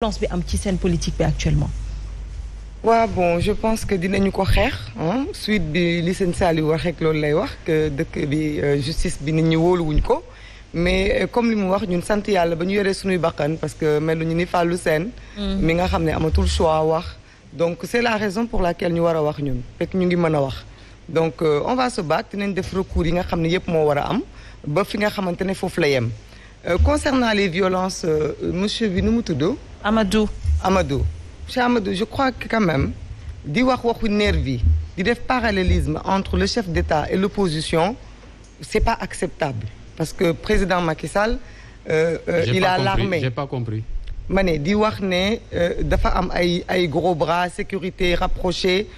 violence bi am ci seen politique bi actuellement. waaw bon je pense que dinañu ko xeex suite bi li seen Saliou wax rek loolu lay wax que dëkk bi euh, justice bi nit ñi wóoluwuñ ko mais euh, comme li mu wax ñun sant yàlla ba ñu yoree suñuy bakkan parce que mel ñu ni Fallou seen mm. mi nga xam ne amatul soit wax. donc c'est la raison pour laquelle ñu war a wax ñun fekk ñu ngi mën a wax donc euh, on va se battre dinañ def recours yi nga xam ne yëpp moo war a am ba fi nga xamante ne foofu la yem. Euh, concernant les violences euh, monsieur bi nu mu tudd. Amadou. Amadou monsieur je crois que quand même di wax waxu nervi di def parallélisme entre le chef d'État et l'opposition c'est pas acceptable parce que président Macky Sall. Euh, euh, il a l'armée j'ai pas di wax ne euh, dafa am ay ay gros bras sécurité rapprochée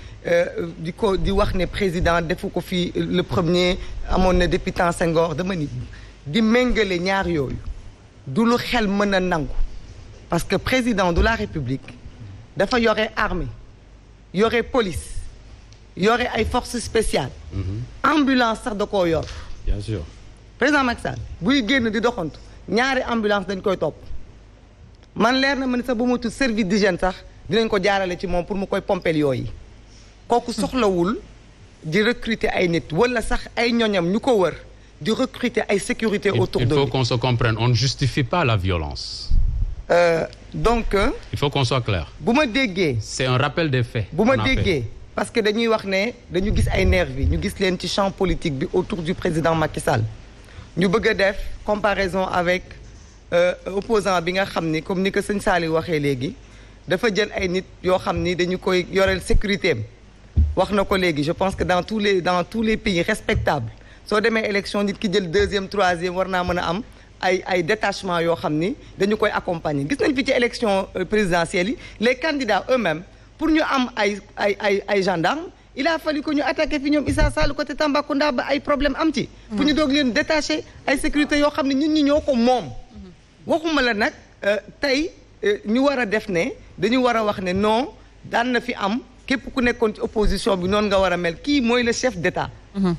di ko di wax ne président defu ko fi le premier amoon na depuis temps Senghor dama ni. di méngale ñaar yooyu du lu xel mën a nangu parce que président de la république dafa yore armée yore police yore ay forces spéciales. Mhm. ambulance sax da koo yor. bien sûr président Macky Sall buy génn di doxantu ñaari ambulance dañ koy topp man leer na ma ne sax bu mu tudd di d'hygiène sax dinañ ko jaarale ci moom pour mu koy pompel yooyu kooku soxlawul di recruter ay nit wala sax ay ñoñam ñu ko wër. di recruter ay sécurité autour de lui il faut qu'on on ne justifie pas la violence. Euh, donc. Euh, il bu ma déggee. c'est un rappel des faits. bu ma déggee parce que dañuy wax ne dañu gis ay nervis ñu gis leen ci champ politique bi autour du président Macky Sall ñu bëgg a def comparaison avec euh, opposant bi nga xam ni comme ni ko sëñ Saliou waxee léegi dafa jël ay nit yoo xam ni dañu koy yoreel sécurité am wax na ko léegi je pense que dans tous les dans tous les pays respectables. soo demee élection nit ki jël deuxième troisième war naa mën a am ay ay détachement yoo xam ni dañu koy accompagner gis nañ fi ci élection euh, présidentielle yi les candidats eux-mêmes pour ñu am ay ay ay ay gendarme il a ñu attaqué fi ñoom Issa Sall côté Tambacounda ba ay problème am ci mm. pour ñu doog leen détaché ay sécurité yoo xam ne ñun ñi ñoo ko moom mm-hmm. waxuma la nag euh, tey euh, ñu war a def ne dañu war a wax ne non daan na fi am képp ku nekkoon ci opposition bi noonu nga war a mel kii mooy le chef d'état mm-hmm.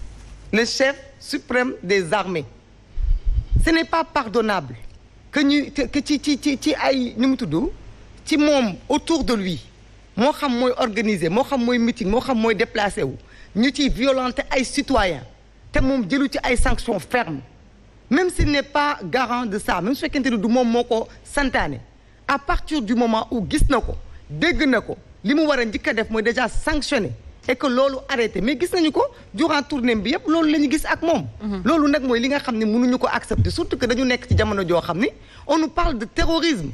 le chef suprême des armées ce n'est pas pardonnable que ñu que ci ci ci ci ay ni mu tuddu ci moom autour de lui moo xam mooy organiser moo xam mooy meeting moo xam mooy déplacé wu ñu ci violenter ay citoyens te moom jëlu ci ay sanctions fermes même s'il n'est pas garant de ça même su fekkente ni du moom moo ko santaane à partir du moment où gis na ko dégg na ko li mu war a njëkk a def mooy déjà sanctionné et que loolu arrêté mais gis nañu ko durant tournée bi yëpp loolu la ñu gis ak moom. Mhm. loolu nag mooy li nga xam ne mënuñu ko accepter surtout que dañu nekk ci jamono joo xam ni on nous parle de terrorisme.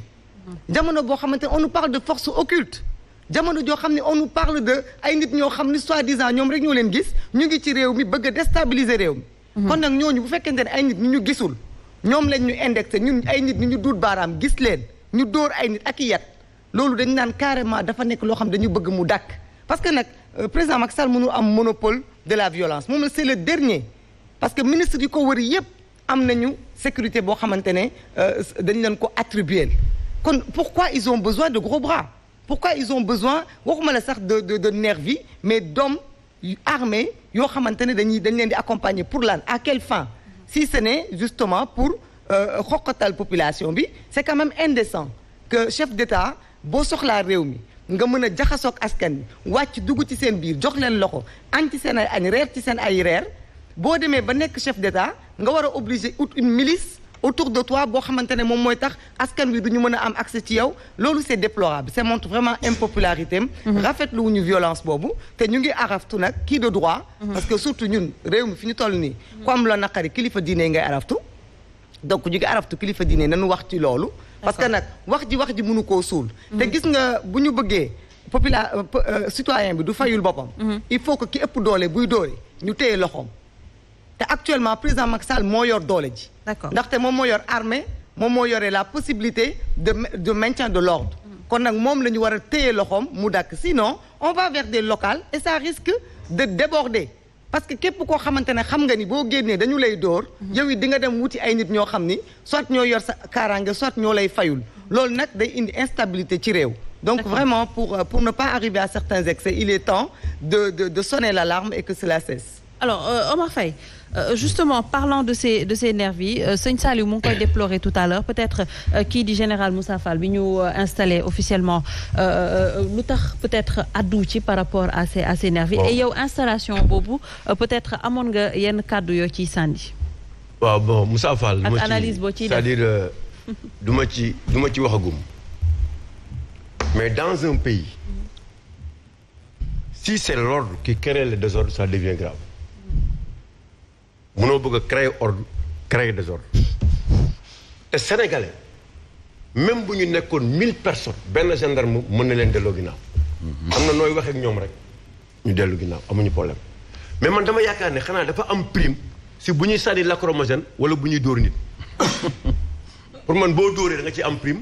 Mhm. jamono boo xamante on nu parle de force occulte. jamono joo xam ne on nous parle de ay nit ñoo xam ni soi-disant ñoom rek ñoo leen gis ñu ngi ci réew mi bëgg a déstabiliser réew mi. Mhm. kon nag ñooñu bu fekkente ne ay nit ñu ñu gisul ñoom lañ ñu indexé ñun ay nit ñu ñu duut baaraam gis leen ñu dóor ay nit ak i loolu dañu naan carrément dafa nekk loo xam dañu bëgg mu dàkk parce que nag Euh, président Macky Sall mënul am monopole de la violence moom la c'est le dernier parce que ministre yi ko wër yëpp am nañu sécurité boo xamante ne euh, dañ leen ko attribuer kon pourquoi ils ont besoin de gros bras pourquoi ils ont besoin waxuma la sax de de mais d'hommes armés yoo xamante ne dañuy dañ leen di accompagner pour lan à quelle fin si ce n'est justement pour euh, xoqatal population bi c'est quand même indécent que chef d'État boo soxlaa réew mi nga mën a jaxasoog askan wi wàcc dugg ci seen biir jox leen loxo añ ci seen ay añ reer ci seen ay reer boo demee ba nekk chef d'état nga war a obligé ut une milice autour de toi boo xamante ne moom mooy tax askan wi du mën a am accès ci yow loolu c'est déplorable seen montre vraiment impopularité am mhm. rafetlu wuñu violence boobu te ñu ngi araftu nag kii de droit mhm. parce que surtout ñun réew mi fi ñu toll nii mhm. ku am la naqari kilifa diine ngay araftu donc ñu ngi araftu kilifa diine nañu wax ci loolu parce que nag wax ji wax ji mënu koo suul. te gis nga bu ñu bëggee popula euh, euh, citoyen bi du fayul boppam. Mm-hmm. il faut que ki ëpp doole buy doole ñu téye loxoom. te actuellement président Macky Sall moo yor doole ji. ndaxte moom moo yor armée moom moo yore la possibilité de de maintien de l'ordre mm-hmm. kon nag moom la ñu war a téye loxoom mu dàkk sinon on va vers des locales et ça risque de déborder. parce que képp koo xamante ne xam nga ni boo génnee dañu lay dóor yow it di nga dem wuti ay nit ñoo xam ni soit ñoo yor sa kaaraange soit ñoo lay fayul loolu nag day indi instabilité ci réew donc vraiment pour euh, pour ne pas arriver à certains excès il est temps de de de sonner l'alarme et que cela cesse alors euh, Omar Faye euh, justement parlant de ces de ces nervis yi euh, sëñ Saliou mu ngi koy déplorer tout à l'heure peut-être euh, kii di général Moussa fal bi ñu euh, installé officiellement lu tax peut-être addu ci par rapport à ces à ces nervis yow installation boobu peut-être amoon nga yenn kàddu yoo ciy sànni. waaw bon Moussa Fall. ak analyse boo ciy def cest dire du ma ci du ma ci waxagum. mais dans un pays. si c'est l'ordre qui crée le désordre ça devient grave. mënoo bëgg a créer ordre créer te sénégalais même bu ñu nekkoon mille personnes benn gendarme mën na leen delloo ginnaaw. am na nooy waxee ñoom rek ñu dellu ginnaaw amuñu problème mais man dama yaakaar ni xanaa dafa am prime si bu ñuy sànni lacrymogène wala bu ñuy dóor nit pour man boo dóoree da nga ciy am prime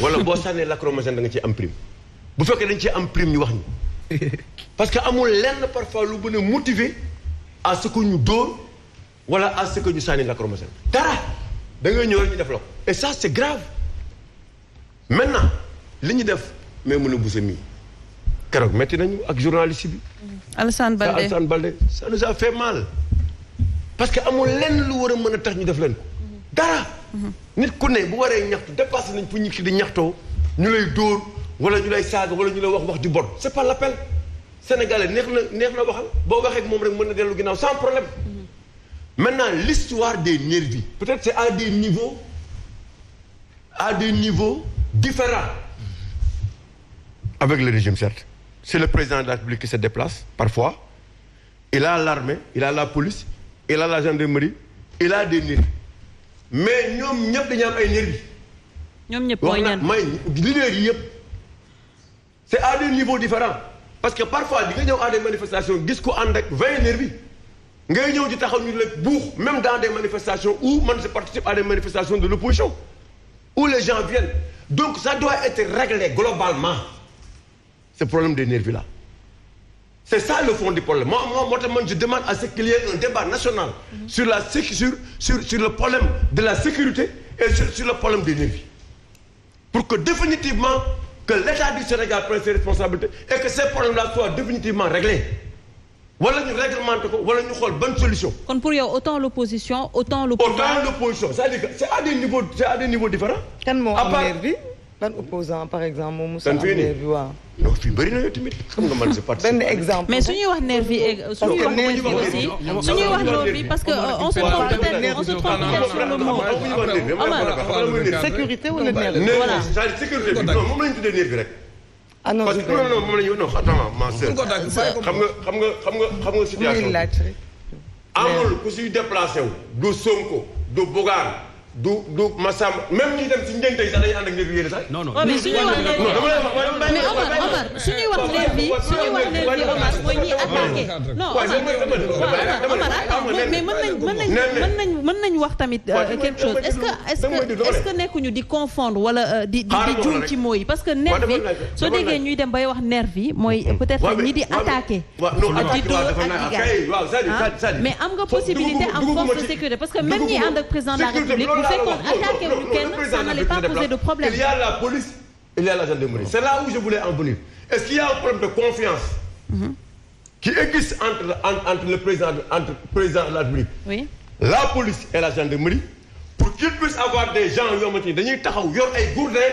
wala boo sànnee lacrymogène da nga ciy am prime bu fekkee dañ ciy am prime ñu wax ñu parce que amul lenn parfois lu bu ne motiver à ce que ñu dóor. wala à ce que ñu sànni lacrymogène dara dangay ngay ñëw ñu def la ko et ça c' est grave maintenant li ñu def mais mën a busa mii keroog metti nañu ak journaliste bi. Alassane Balde Alassane Balde ça nous a fait mal parce que amul lenn lu war a mën a tax ñu def leen dara. nit ku ne bu waree ñaxtu dépassé nañ fu ñu ki di ñaxtoo ñu lay dóor wala ñu lay saaga wala ñu la wax wax ju bon. c' est pas l' appel neex na neex na waxal boo waxee ak moom rek mën na dellu ginnaaw sans problème. maintenant l'histoire des nervis peut-être c'est à des niveaux à des niveaux différents avec le régime certes c'est le président de la République qui se déplace parfois il a l'armée il a la police il a la gendarmerie il a des nervis mais ñoom ñëpp dañu am ay nervis ñoom ñëpp mooy ñan may leader yi yëpp c'est à des niveaux différents parce que parfois di nga ñëw à des manifestations gis ku ànd ak vingt nervis ngay ñëw di taxaw ñu la même dans des manifestations où man je participe à des manifestations de l'opposition où les gens viennent donc ça doit être réglé globalement ce problème des nervis là c'est ça le fond du problème moi moi moo tax man je demande à ce qu'il y un débat national mhm. sur la sur sur sur le problème de la sécurité et sur, sur le problème des nervis pour que définitivement que l'État du Sénégal prenne ses responsabilités et que ces problèmes là soient wala ñu réglementé ko wala ñu xool bonne solution. kon pour yow autant l'opposition autant l'opposition cest à des niveaux c'est à des niveaux différents. kan opposant par exemple moom exemple mais su ñuy wax nervi yi su wax nervi yi aussi su ñuy wax loolu bi parce que on se trompe peut-être on se trompe peut-être sécurité wala nervi. voilà cest à sécurité bi non moom la ñu tuddee nervi rek. ah parce que problème moom la ñu ma sœur xam nga xam nga xam nga xam nga situation amul ku siy déplacé wu du Sonko du Bougane du du Massam même ñi dem si ngénte yi sax dañuy ànd ak néeg yéene sax. non wax néeg yi mais Omar Omar suñuy wax néeg bi wax néeg bi Omar mooy ñiy attaqué. non Omar Omar wax tamit euh, quelque chose est-ce que nekkuñu di confondre wala euh, di di di juum ci mots parce que nerf soo déggee ñuy dem bay wax nerf yi mooy peut-être ñi di attaqué. di ah, am nga possibilité am force sécurité parce que même ñi ànd ak président la République fekkoon attaqué wu ñu kenn ça n'allait pas poser de problème. il y a la police il y a la gendarmerie. c'est là où je voulais en venir est-ce qu'il y a un problème de confiance. Mhm. qui existe entre entre le président entre président de la République. oui la police et la gendarmerie. pour qu'il puisse avoir des gens yoo xamante ni dañuy taxaw yor ay gourdin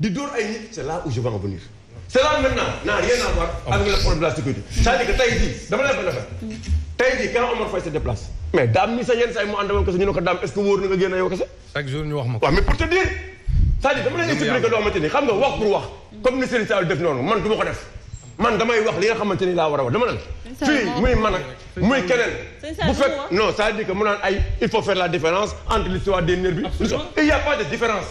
di dóor ay nit c'est là où je vais en venir. c'est là maintenant n'a rien à voir avec le problème de la sécurité. c'est-à-dire que tey jii dama lay fa defar. Mhm. tey jii quand Omar Faye se déplace. mais daam mi sa yenn saa yi mu ànd woon kese ñu ne ko daam na nga génn yow kese. chaque jour ñu wax dama leen expliquer loo xamante ni xam nga wax ni Serigne Sall def noonu man du ma man damay wax li nga xamante ni laa war a wax dama naan fii muy man ak muy keneen bu fekk non ça veut dire que mu naan ay il faut faire la différence entre l'histoire des nervis bi il y a pas de différence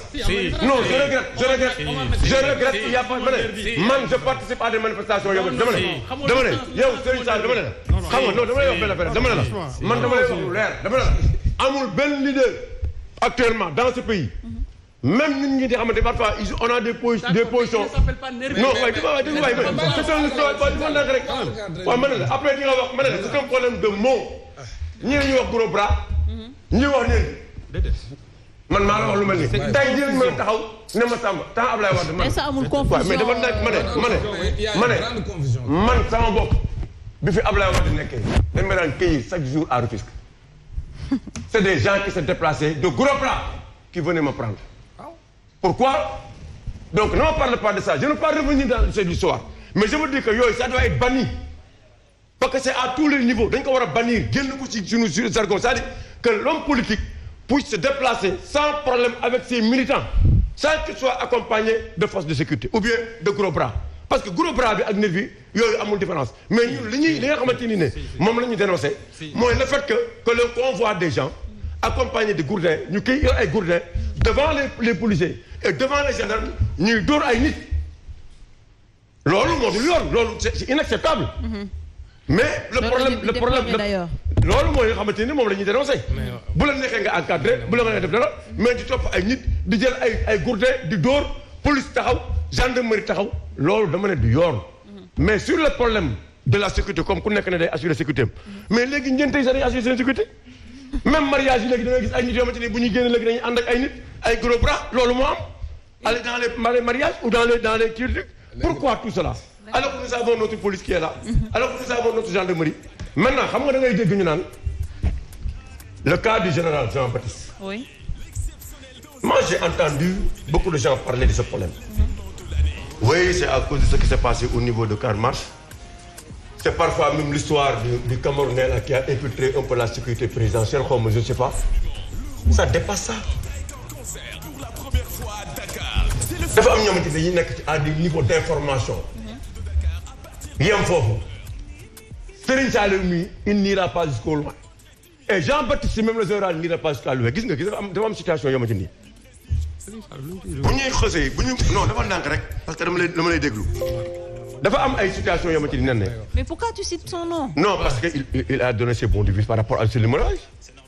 non je regrette je regrette je regrette il y a pas ma ne man je participe à des manifestations yow dama ne dama ne yow Serigne Sall dama ne la xam nga non dama lay wax benn affaire dama ne la man dama lay wax lu leer dama ne la amul benn leader actuellement dans ce pays mhm. même ñun ñi di xamante parfois on a des po des positions non waaye dafa de dafa waay c'est un la après di wax ma ne la c'est un problème de ñii la ñuy wax gros ñii wax neen man maa la wax lu mel nii tey jii lañ mën a taxaw ne ma Samba tant Ablaye Wade man mais ça ma ma ne ma ne man sama bopp bi fi Ablaye Wade nekkee dañ ma daan cueillir chaque jour à Rufisque c'est des gens qui se déplaçaient de gros bras qui venaient me prendre Pourquoi Donc, non, on ne parle pas de ça. Je ne veux pas histoire. Mais je veux dire que yo, ça doit être banni. Parce que c'est à tous les niveaux. Donc, on va bannir. C'est-à-dire que l'homme politique puisse se déplacer sans problème avec ses militants, sans qu'il soit accompagné de forces de sécurité ou bien de gros bras. parce que gros bras bi ak nervi yooyu amul différence mais ñun li ñuy li nga xamante ni ne moom la ñu dénoncé mooy le fait que que le convoi des gens accompagné de gourdins ñu kii ay gourdins devant les les policiers et devant les gendarmes ñuy dóor ay nit loolu moo dul yoon loolu c'est inacceptable mm-hmm. mais le problème le problème loolu mooy nga xamante ni moom la ñuy dénoncé bu la neexee nga encadré bu la nga def dara mais di topp ay nit di jël ay ay gourde di dóor police taxaw gendarmerie taxaw loolu dama ne du yoon mm-hmm. mais sur le problème de la sécurité comme ku nekk ne day assurer sécurité mm-hmm. mais léegi ñeente yi sax dañuy assurer même mariage yi léegi da ngay gis ay nit yoo xamante ne bu ñuy génn léegi dañuy ànd ak ay nit ay gros bras loolu moo am. aller dans les mariages ou dans les dans les cultes. pourquoi tout cela. alors que nous avons notre police qui est là. Mhm. alors que nous avons notre gendarmerie. maintenant xam nga da ngay dégg ñu naan le cas du général Jean Baptiste. oui. moi j'ai entendu beaucoup de gens parler de ce problème. Mhm. oui c'est à cause de ce qui s'est passé au niveau de Carmarche. c'est parfois même l'histoire du, du Camerounais là, qui a infiltré un peu la sécurité présidentielle, comme je ne sais pas. Ça dépasse ça. dafa am ñoo xamante ñu nekk ci à des niveaux d'information. Mhm. yem foofu. Serigne Saliou mi il n'ira pas jusqu'au loin. et Jean-Baptiste même le général n'ira pas jusqu'à loin gis nga gis dafa am dafa am situation yoo xamante ni. bu ñuy xësee bu ñu non dafa ndànk rek parce que dama lay dama lay déglu. dafa am ay situation yoo xamante ni nan ne. mais pourquoi tu cites son nom. non parce que a donné ses points de vue par rapport à ce numéro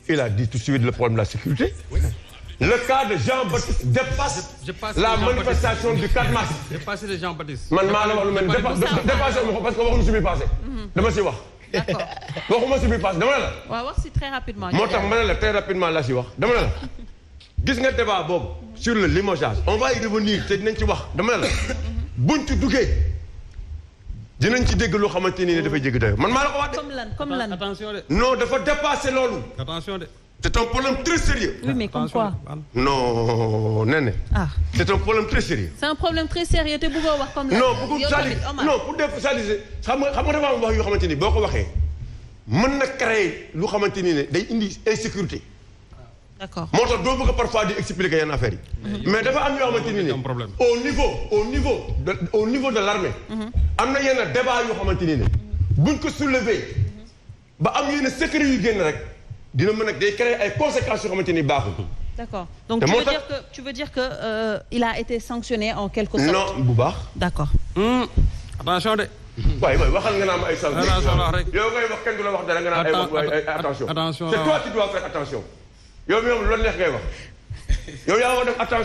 il a dit tout de de la sécurité. le cas de Jean-Baptiste dépasse. la manifestation du 4 mars. dépassé de Jean-Baptiste. man maa la wax lu mel dépassé wu ma ko parce que waxuñu suñu mhm. si wax. d' accord waxuma suñu passé dama ne la. si très rapidement. moo tax ma ne la très rapidement laa si wax dama ne la. gis nga débat boobu. sur le limogeage. on va y revenir te dinañ ci wax dama ne la. Mhm. buñ ci dinañ ci dégg loo xamante ni ne dafay jéggi dayo man maa la ko wax de. comme lan comme lan attention de. non dafa dépassé loolu. attention de. c'est un problème très sérieux. oui mais comme quoi. non nee na. ah c'est un problème très sérieux. c'est un problème très sérieux te bëggoo wax comme. non bëggul sali non pour def saliser xam nga xam nga dafa am wax yoo xamante ni boo ko waxee mën na créer lu xamante ni ne day indi insécurité. d'accord moo tax doo bëgg a parfois di expliquer yenn affaires yi. mais dafa am yoo xamante ni au niveau au niveau de au niveau de l'armée mhm. am na yenn débat yoo xamante ni ne. buñ ko soulever. ba am yenn secret yu génn rek dina mën a day créer ay conséquences yoo xamante ni baaxul. d'accord donc tu veux dire que tu veux dire que euh, il a été sanctionné en quelque sorte. non bu baax. d'accord. Mmh. attention de. waaye mooy waxal nga naan ay sanctions. yow ngay wax kenn du la wax dara nga naan ay attention c'est toi qui dois faire attention. yow moom loolu neex ngay wax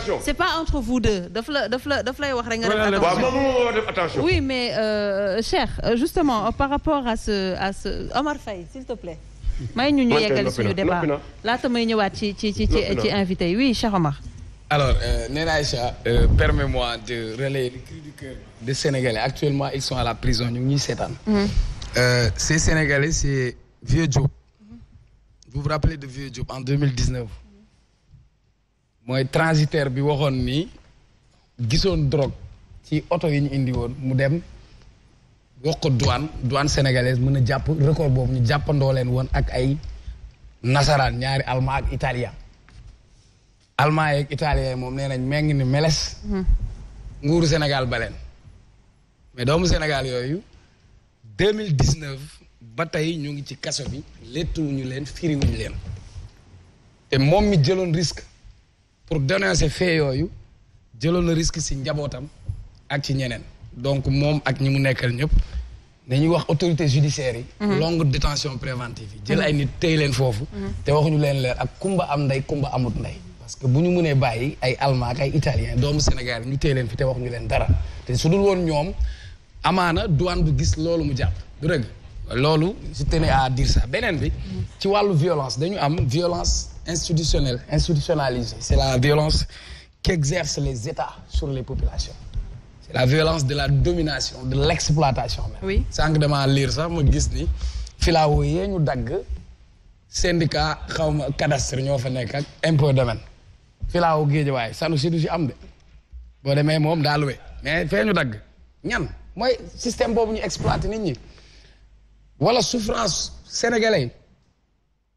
yow c'est pas entre vous deux daf la daf la daf lay wax rek nga def attention waaw moom moo war oui mais euh, euh, Cheikh euh, justement par rapport à ce à ce Omar Faye s'il te plaît. may ñu ñu yeggali suñu débat laata may ñëwaat ci ci ci ci invité yi oui Cheikh Omar. alors Néna Aïcha permets-moi de relayer le cri actuellement ils sont à la prison ñu ngi ñuy seetaan. Mm-hmm. ces Sénégalais c'est vieux Diop. vous vous rappelez de Vieux Diop en 2019 mooy transitaire bi waxoon ni gisoon drogue ci oto yi ñu indi woon mu dem wax ko douane douane sénégalaise mën a jàpp record boobu ñu jàppandoo leen woon ak ay nasaraan ñaari allemand ak italien allemand yeeg italien moom nee nañ meng ni meles hmm. nguuru Sénégal baleen mais doomu Sénégal yooyu 2019 ba tey ñu ngi ci kaso bi lettuwuñu leen firiwuñu leen te moom mi jëloon risque pour dénoncer fait yooyu jëloon na risque si njabootam ak ci ñeneen donc moom ak ñi mu nekkal ñëpp dañuy wax autorité judiciaire yi mhm. longue détention préventive yi jël mhm. ay nit tey leen foofu mhm. te waxuñu leen leer ak kumba am ndey kumba amut ndey parce que bu ñu munee bàyyi ay allemand ak ay italien doomu Sénégal ñu tey leen fi te waxuñu leen dara te su dul woon ñoom amaana douane bu gis loolu mu jàpp loolu je tenais à dire sa beneen bi ci wàllu violence dañu am violence institutionnelle institutionnalisée c'est la violence qu'exercent les États sur les populations c'est la violence de la domination de l'exploitation même oui. sànq dama lire sax ma gis ni filao yee ñu dagg syndicat xawma cadastre ñoo fa nekk ak impôt domaine filao géejawaay sanu sidu si am de boo demee moom daa luwe mais fee dagg ñan mooy système boobu ñu exploité nit ñi wala souffrance sénégalais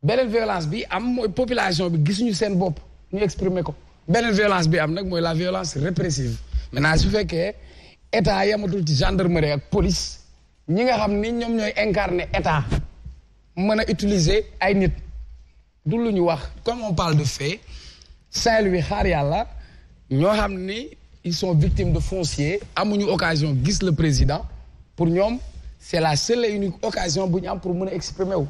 beneen violence bi am mooy population bi gisuñu seen bopp ñu exprimer ko beneen violence bi am nag mooy la violence répressive maintenant su fekkee état yamatul ci gendarmerie ak police ñi nga xam ni ñoom ñooy incarner état mën a utiliser ay nit du lu ñu wax comme on parle de fait Saint-Louis xaar yàlla ñoo xam ni ils sont victimes de foncier amuñu occasion gis le président pour ñoom c'est la seule et unique occasion bu ñu am pour mën a exprimer wu.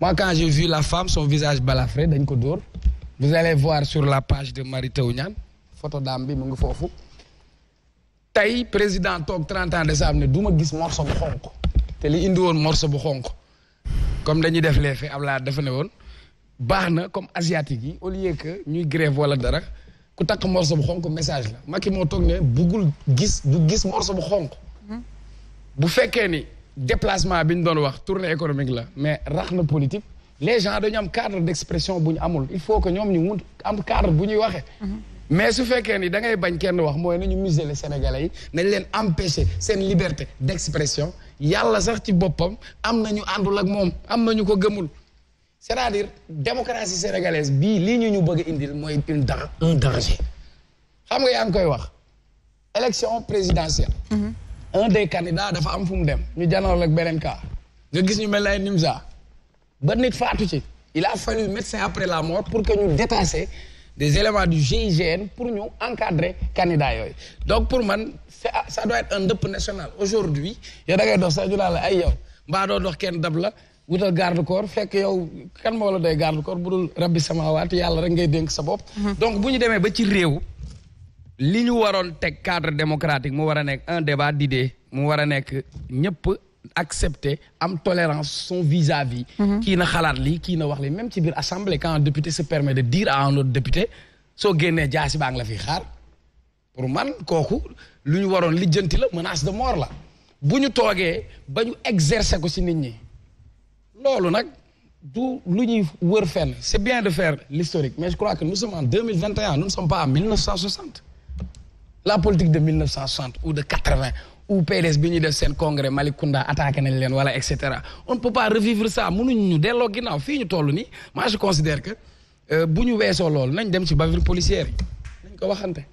moi quand vu la femme son visage balafré dañ ko dóor vous allez voir sur la page de Mary Teuw ñaan photo daam bi mu ngi foofu tey président toog 30 ans de sa am ne du ma gis morceau bu xonq te li indi woon morso bu xonk comme dañuy def les faits Ablaye dafa ne woon baax na comme asiatique yi au lieu que ñuy grève wala dara ku takk morceau bu xonk message la Macky moo toog ne buggul gis du gis morceau bu mm-hmm. bu fekkee déplacement bi ñu doon wax tournée économique la mais rax na politique les gens dañu am cadre d'expression bu ñu amul il faut que ñoom ñu mun am cadre bu ñuy waxee. mais su fekkee ni da ngay bañ kenn wax mooy nañu museler Sénégalais yi nañ leen empêcher seen liberté d'expression yàlla sax ci boppam am na ñu àndul ak moom am na ñu ko gëmul. c'est-à-dire démocratie sénégalaise bii lii ñu ñu bëgg a indil mooy une un danger xam nga yaa ngi koy wax élection présidentielle. Mm-hmm. un des candidats dafa am fu mu dem ñu janoor ak beneen cas nga gis ñu mel ne ay Nimza ba nit faatu ci il a fallu médecin après la mort pour que ñu détacher des éléments du juin GIGN pour ñu encadrer candidat yooyu donc pour man ça doit être un dëpp national aujourd'hui yow da ngay dox sax ñu la ay yow mbaa doo dox kenn dab la wutal garde corps fekk yow kan moo la doy garde bu dul rabbi samawaat yàlla rek ngay dénk sa bopp mhm. donc bu ñu demee ba li ñu waroon teg cadre démocratique mu war a nekk un débat d'idées mu war a nekk ñëpp accepter am tolérance son vis-à-vis mhm. kii na xalaat lii kii na wax lii même ci biir assemblée quand un député se permet de dire à un autre député soo génnee jaasi baa la fi xaar pour man kooku lu ñu waroon lijjanti la menace de mort la bu ñu toogee ba ñu exercer ko si nit ñi loolu nag du lu ñuy wër fenn c'est bien de faire l'historique mais je crois que nous sommes en la politique de 1960 ou de 80 ou PDS bi ñuy def seen congrès Malicounda attaqué nañ leen wala et cetera on ne peut pas revivre ça mënuñ ñu delloo ginnaaw fii ñu toll nii moi je considère que euh, bu ñu weesoo loolu nañ dem ci bavure policière yi nañ ko waxante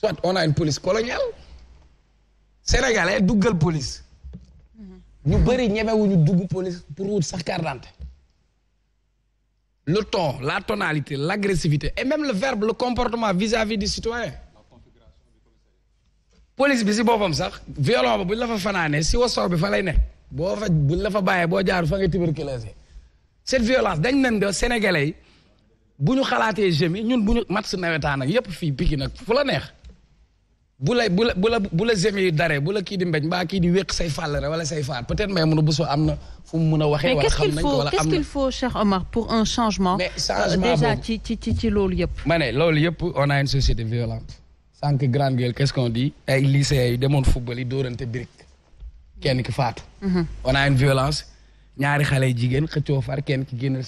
soit on a une police coloniale sénégalais duggal police ñu bëri ñemewuñu dugg police pour wut sax carte d'identité le ton la tonalité l'agressivité et même le verbe le comportement vis-à-vis du citoyen police bi si boppam sax violon bu buñ la fa fanaanee si wasoor bi fa lay ne boo fa buñ la fa boo jaar fa nga tuberculose cette violence dañ nen de sénégalais yi bu ñu xalaatee jeunes ñun bu ñu mat si nawetaan nag yépp fii piki nag fu la neex bu la bu la bu la bu la jeunes yi daree bu la kii di mbéj mbaa kii di say fàllare wala say faar peut-être may mun a busoo am na fu mu mun a waxee wala xam wala am na mais qu'est-ce qu'il cher Omar pour un changement. mais euh, changement boobu déjà ci ci ci ci loolu yëpp. ma ne loolu yëpp on a une société violente. sànq grande gueule qu'est-ce qu'on dit ay lycéens yi demoon football yi dóorante birig kenn ki faatu. Mhm. on a violence ñaari xale jigéen xëccoo far kenn ki génne